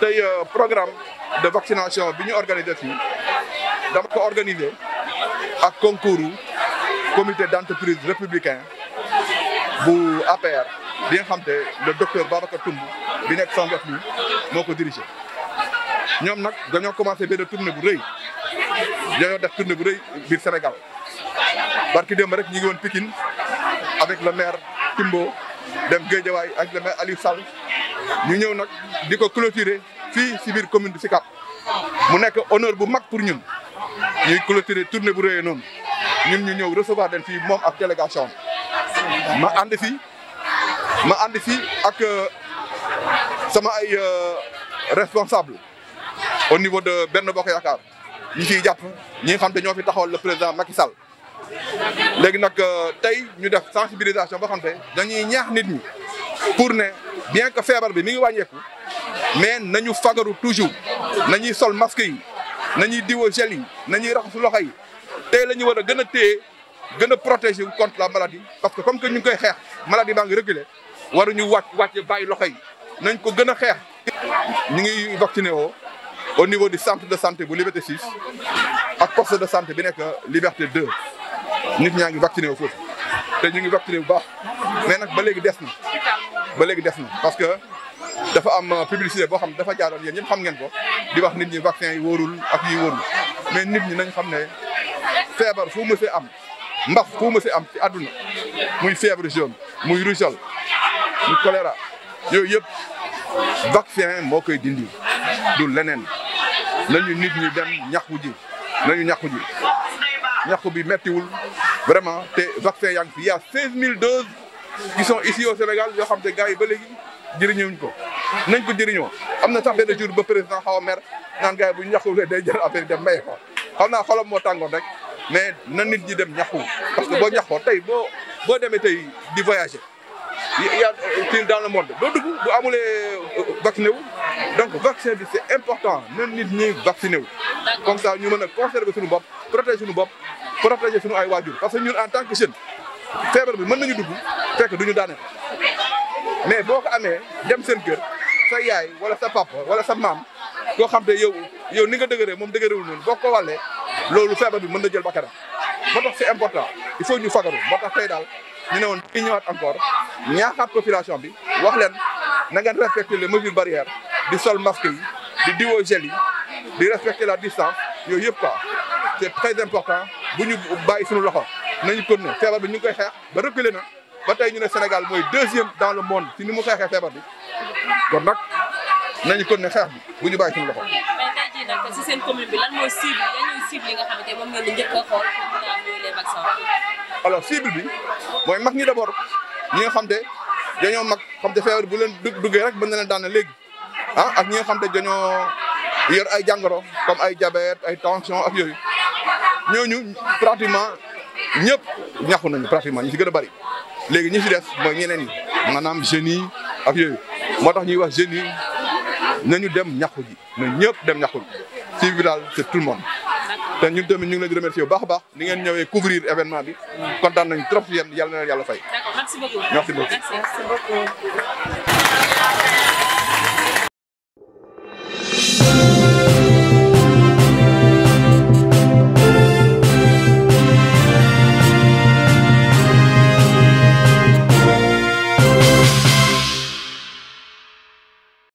tey euh, programme de vaccination bi ñu organisé fii dama ko organisé ak concours comité d' entreprise républicain bu APR bi nga xam te le docteur Babacar Toumb bi nekk sama wet nii moo ko dirigé. ñoom nag dañoo commencé benn tournée bu rëy dañoo def tourne bu rëy biir Sénégal que démb rek ñu ngi woon avec le maire Timbo dem Guédiawaye ak le maire Aliou Sall. ñu ñëw nag di ko clôturer fii si biir commune bi Sicap mu nekk honneur bu mag pour ñun ñuy clôturer tournée bu rëyee noonu ñun ñu ñëw recevoir leen fii moom ak délégation ma ànd fi ma ànd fi ak euh, sama ay euh, responsable au niveau de benn Bokk Yaakaar ñi ciy jàpp ñi nga xam te ñoo fi taxawal le président Macky Sall léegi nag euh, tey ñu def sensibilisation boo xam te dañuy ñaax nit ñi pour ne bien que feebar bi mi ngi wàññeeku mais nañu fagaru toujours na nañuy sol masque yi nañuy diwo gel yi nañuy raxas loxo yi tey la ñu war a gën a téye gën a protéger wu contre la maladie parce que comme que ñu ngi koy xeex maladie baa ngi a ñu wàcc wàcce bàyyi loxo yi nañ ko gën a xeex. ñu ngi vacciné woo au niveau de centre de santé bu Liberté 6 a poste de santé bi nekk Liberté 2 nit ñaa ngi vacciné woo foofu te ñu ngi vacciné bu baax mais nag ba léegi des na. ba léegi des na parce que dafa am publicité boo xam dafa jaaroon yéen ñëpp xam ngeen ko di wax nit ñi vaccin yi wóorul ak yi wóorul mais nit ñi nañ xam ne feebar fu mu am mbax fu mu am ci àdduna muy fièvre jaune muy rougeole mu choléra yooyu yëpp vaccin moo koy dindi du leneen nañu nit ñi dem ñaxu ji nañu ñaxu ji ñaxu bi mettiwul vraiment te vaccin yaa ngi fi y qui sont ici Sénégal yoo xam te gars yi ba léegi jëriñuñ ko nañ ko jëriñoo am na sax benn jour ba président xaw a mer naan gars yi bu ñu ñaxuwulee day jël affaire dem maye ko xam naa xolam moo tàngoon rek mais nan nit ñi dem ñaxu parce que boo ñaxoo tey boo boo demee tey di voyager yaa ci dans le monde doo dugg bu amulee euh, vacciné wu donc vaccin bi c'est important na nit ñi vacciné wu comme ça ñu mën a conserver suñu bopp protéger suñu bopp protéger suñu ay waajur parce que ñun en tant que feebar bi mën nañu dugg fekk du ñu daane mais boo ko amee dem seen kër sa yaay wala sa papa wala sa maam koo xam te yow yow ni nga dëgëree moom dëgërewul noonu boo ko wàllee loolu feebar bi mën na jël bakkanam moo tax si important il faut ñu fagaru moo tax tey daal ñu ne woon dañuy ñëwaat encore ñaaxaat population bi wax leen na ngeen respecter les mesures barrières di sol masque yi di diwoo gel yi di respecter la distance yooyu yëpp quoi c'est très important bu ñu bàyyi suñu loxo. nañu continuer feebar bi ñu koy xeex ba reculer na ba tey ñu ne Sénégal mooy deuxième dans le monde ci ni mu xeexee feebar bi kon nag nañu ñu bàyyi suñu loxo. bi lan ñu am les vaccins. alors cible bi mooy mag ñi d'abord ñi nga xam te dañoo mag xam te feebar bu leen duggee rek mën na leen daan léegi ah ak ñi nga xam te dañoo yor ay jàngoro comme ay diabète ay tension ak yooyu ñooñu pratiquement. ñëpp ñaxu nañu pratiquement ñu ci gën a bëri léegi ñu si def mooy ñeneen ñi maanaam jeunes yi ak moo tax ñuy wax jeunes yi nañu dem ñaxu ji na ñëpp dem ñaxu ji ci daal c'est tout le monde te ñun tamit ñu ngi leen di remercier baax a baax ni ngeen ñëwee couvrir événement bi kontaan nañ trop si yéen yàlla na leen fay. d'accord merci beaucoup